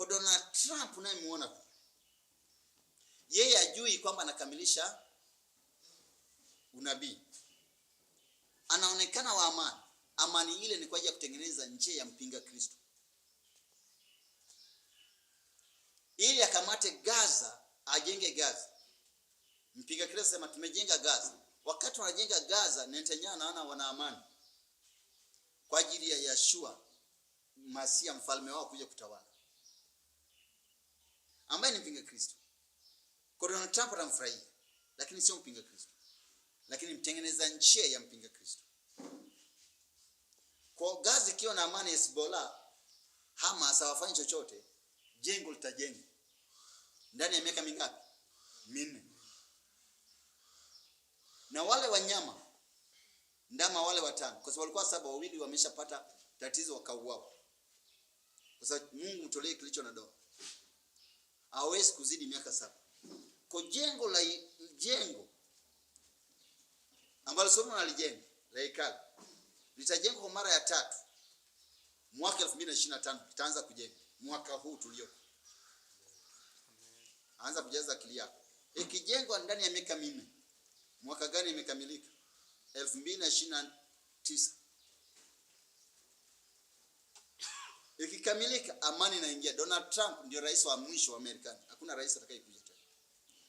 Kwa Donald Trump unayemwona yeye ajui kwamba anakamilisha unabii, anaonekana wa amani. Amani ile ni kwa ajili ya kutengeneza njia ya mpinga Kristo, ili akamate Gaza, ajenge Gaza. Mpinga Kristo sema tumejenga Gaza. Wakati wanajenga Gaza, Netanyahu anaona wana amani kwa ajili ya Yashua Masia, mfalme wao kuja kutawala ambaye ni mpinga Kristo. Kwa Donald Trump atamfurahia, lakini sio mpinga Kristo, lakini mtengeneza njia ya mpinga Kristo. Kwa Gaza ikiwa na amani, Hezbollah, Hamas hawafanyi chochote, jengo litajengwa ndani ya miaka mingapi? Minne. Na wale wanyama ndama wale watano, kwa sababu walikuwa saba, wawili wameshapata tatizo wakauawa, kwa sababu Mungu mtolee kilicho na doa hawezi kuzidi miaka saba. Kwa jengo la jengo ambalo Solomon alijenga la hekalu litajengwa kwa mara ya tatu mwaka 2025 litaanza kujenga mwaka huu tulio. Anza kujaza akili yako. Ikijengwa ndani ya miaka minne, mwaka gani imekamilika? 2029. Ikikamilika amani inaingia. Donald Trump ndio rais wa mwisho wa Amerika. Hakuna rais atakayekuja tena.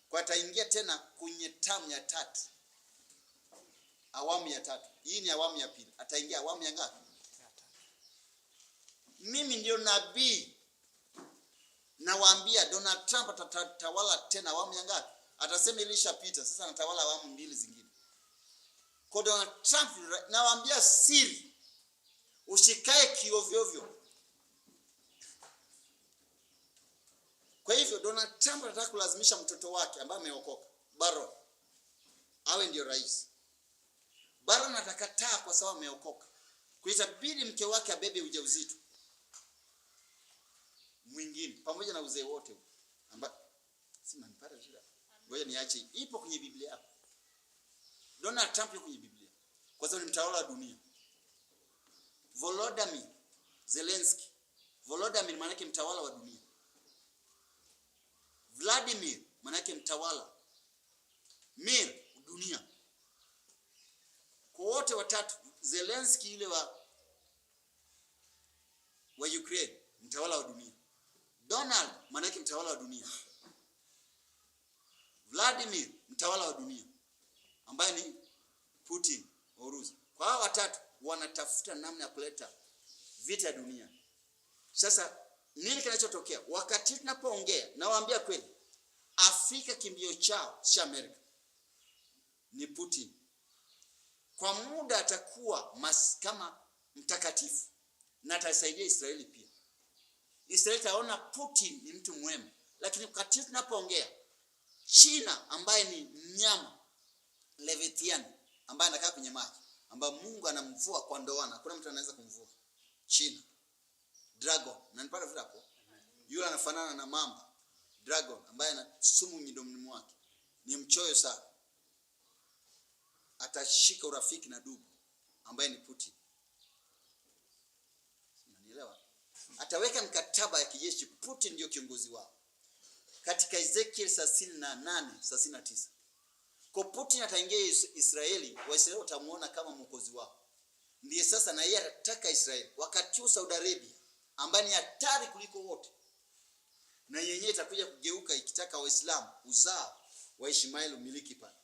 Kwa ataingia tena kwenye tamu ya tatu. Awamu ya tatu. Hii ni awamu ya pili. Ataingia awamu ya ngapi? Mimi ndio nabii nawaambia Donald Trump atatawala tena awamu ya ngapi? Atasema ilishapita, sasa anatawala awamu mbili zingine. Kwa Donald Trump nawaambia siri, usikae kiovyovyo Donald Trump anataka kulazimisha mtoto wake ambaye ameokoka Baron awe ndio rais. Baron atakataa kwa sababu ameokoka, kuitabidi mke wake abebe ujauzito mwingine pamoja na uzee wote amba sima nipata shida. Ngoja niache, ipo kwenye Biblia hapo. Donald Trump yuko kwenye Biblia kwa sababu ni mtawala wa dunia. Volodymyr Zelensky, Volodymyr maana yake mtawala wa dunia. Vladimir manake mtawala, Mir dunia. Kwa wote watatu, Zelensky ile wa, wa Ukraine mtawala wa dunia, Donald manake mtawala wa dunia, Vladimir mtawala wa dunia ambaye ni Putin wa Urusi. Kwa hao watatu wanatafuta namna ya kuleta vita dunia sasa nini kinachotokea wakati tunapoongea? Nawaambia kweli, Afrika kimbio chao cha Amerika ni Putin. Kwa muda atakuwa mas kama mtakatifu na atasaidia Israeli pia. Israeli taona Putin ni mtu mwema, lakini wakati tunapoongea, China ambaye ni mnyama Leviathan ambaye anakaa kwenye maji ambayo Mungu anamvua kwa ndoana, hakuna mtu anaweza kumvua China dragon, nanipata vile hapo. Yule anafanana na mamba dragon, ambaye ana sumu midomoni mwake, ni mchoyo sana. Atashika urafiki na dubu ambaye ni Putin. Unanielewa? Ataweka mkataba ya kijeshi. Putin ndio kiongozi wao katika Ezekiel 38 39 kwa Putin ataingia Israeli, Waisraeli watamuona kama mwokozi wao. Ndiye sasa na yeye atataka Israeli. Wakati huu Saudi Arabia ambaye ni hatari kuliko wote, na yenyewe itakuja kugeuka ikitaka Waislamu uzaa wa Ishmaeli umiliki pale.